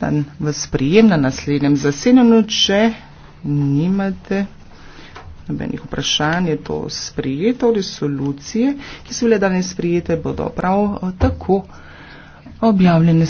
dan v sprejem na naslednjem zasedanju, če nimate nobenih vprašanj, je to sprejeto, resolucije, ki so bile danes sprejete, bodo prav tako objavljene.